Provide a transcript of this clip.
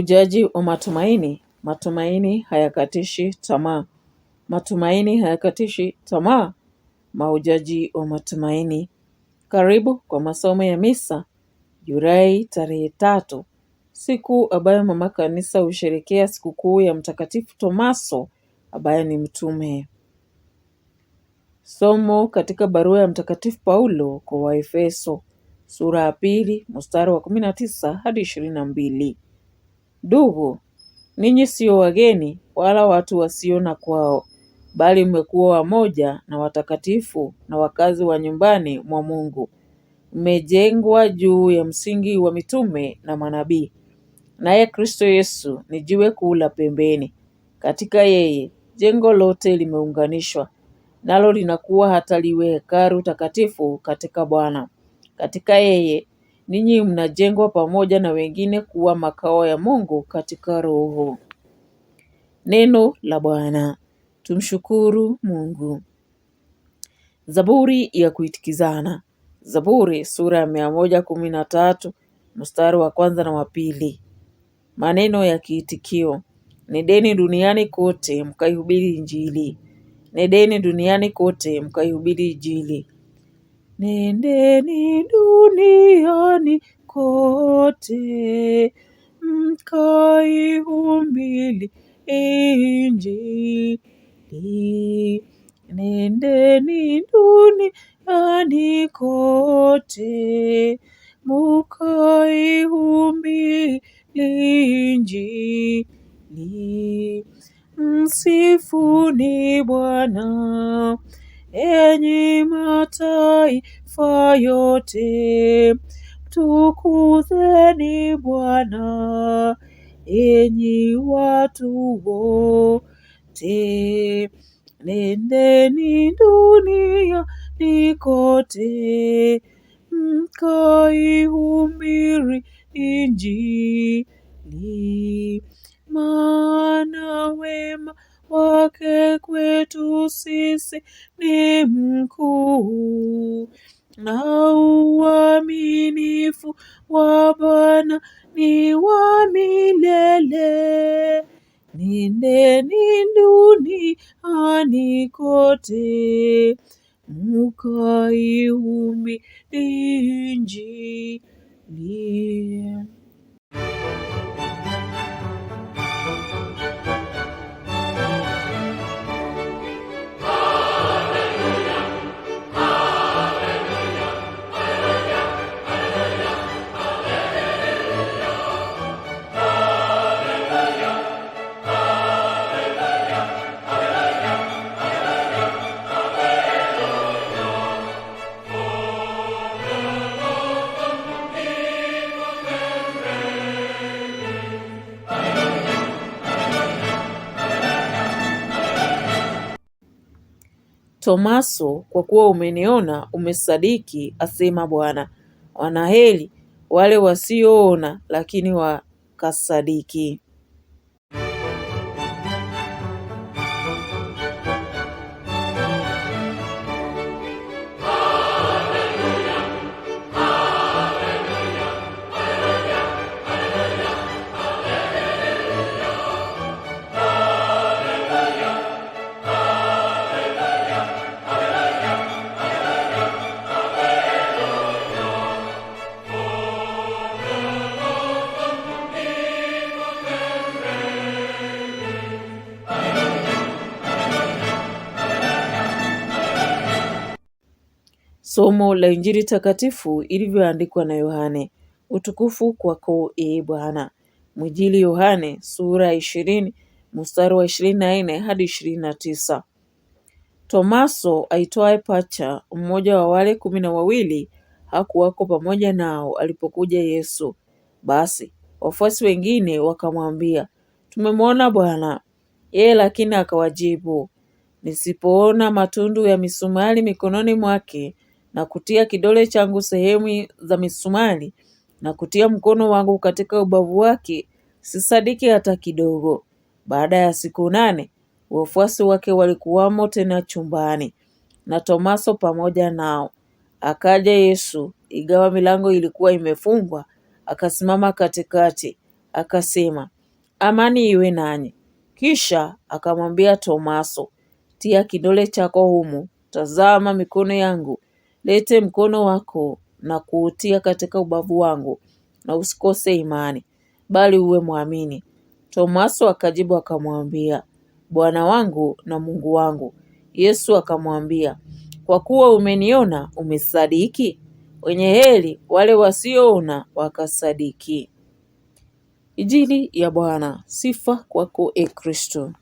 Ujaji wa matumaini. Matumaini hayakatishi tamaa. Matumaini hayakatishi tamaa. Maujaji wa matumaini. Karibu kwa masomo ya misa Julai tarehe tatu, siku ambayo mama kanisa husherekea sikukuu ya Mtakatifu Tomaso ambaye ni mtume. Somo katika barua ya Mtakatifu Paulo kwa Waefeso sura ya pili mstari wa kumi na tisa hadi ishirini na mbili. Ndugu, ninyi sio wageni wala watu wasio na kwao, bali mmekuwa wamoja na watakatifu na wakazi wa nyumbani mwa Mungu. Mmejengwa juu ya msingi wa mitume na manabii, naye Kristo Yesu ni jiwe kuu la pembeni. Katika yeye jengo lote limeunganishwa, nalo linakuwa hata liwe hekalu takatifu katika Bwana. Katika yeye ninyi mnajengwa pamoja na wengine kuwa makao ya Mungu katika Roho. Neno la Bwana. Tumshukuru Mungu. Zaburi ya kuitikizana. Zaburi sura ya mia moja kumi na tatu mstari wa kwanza na wa pili. Maneno ya kiitikio: Nendeni duniani kote mkaihubiri Injili. Nendeni duniani kote mkaihubiri Injili. Nendeni duniani kote mkaihubiri Injili. Nendeni duniani kote mkaihubiri Injili. Msifuni Bwana enyi mataifa yote, mtukuzeni Bwana, enyi watu wote. Nendeni ni kote, mkaihubiri Injili wake kwetu sisi ni mkuu na uaminifu wa Bwana ni wa milele. Nendeni duniani kote, mukaihubiri Injili. Tomaso, kwa kuwa umeniona umesadiki, asema Bwana. Wanaheri wale wasioona lakini wakasadiki. Somo la Injili takatifu ilivyoandikwa na Yohane. Utukufu kwako ee Bwana. Mwinjili Yohane sura ya ishirini mstari wa ishirini na nne hadi ishirini na tisa. Tomaso aitwaye Pacha, mmoja wa wale kumi na wawili, hakuwako pamoja nao alipokuja Yesu. Basi wafuasi wengine wakamwambia, tumemwona Bwana. Yeye lakini akawajibu, nisipoona matundu ya misumari mikononi mwake na kutia kidole changu sehemu za misumari na kutia mkono wangu katika ubavu wake, sisadiki hata kidogo. Baada ya siku nane wafuasi wake walikuwamo tena chumbani na Tomaso pamoja nao. Akaja Yesu, ingawa milango ilikuwa imefungwa, akasimama katikati, akasema, amani iwe nanyi. Kisha akamwambia Tomaso, tia kidole chako humu, tazama mikono yangu, Lete mkono wako na kuutia katika ubavu wangu, na usikose imani, bali uwe mwamini. Tomaso akajibu akamwambia, Bwana wangu na Mungu wangu. Yesu akamwambia, kwa kuwa umeniona umesadiki. Wenye heri wale wasioona wakasadiki. Injili ya Bwana. Sifa kwako, E Kristo.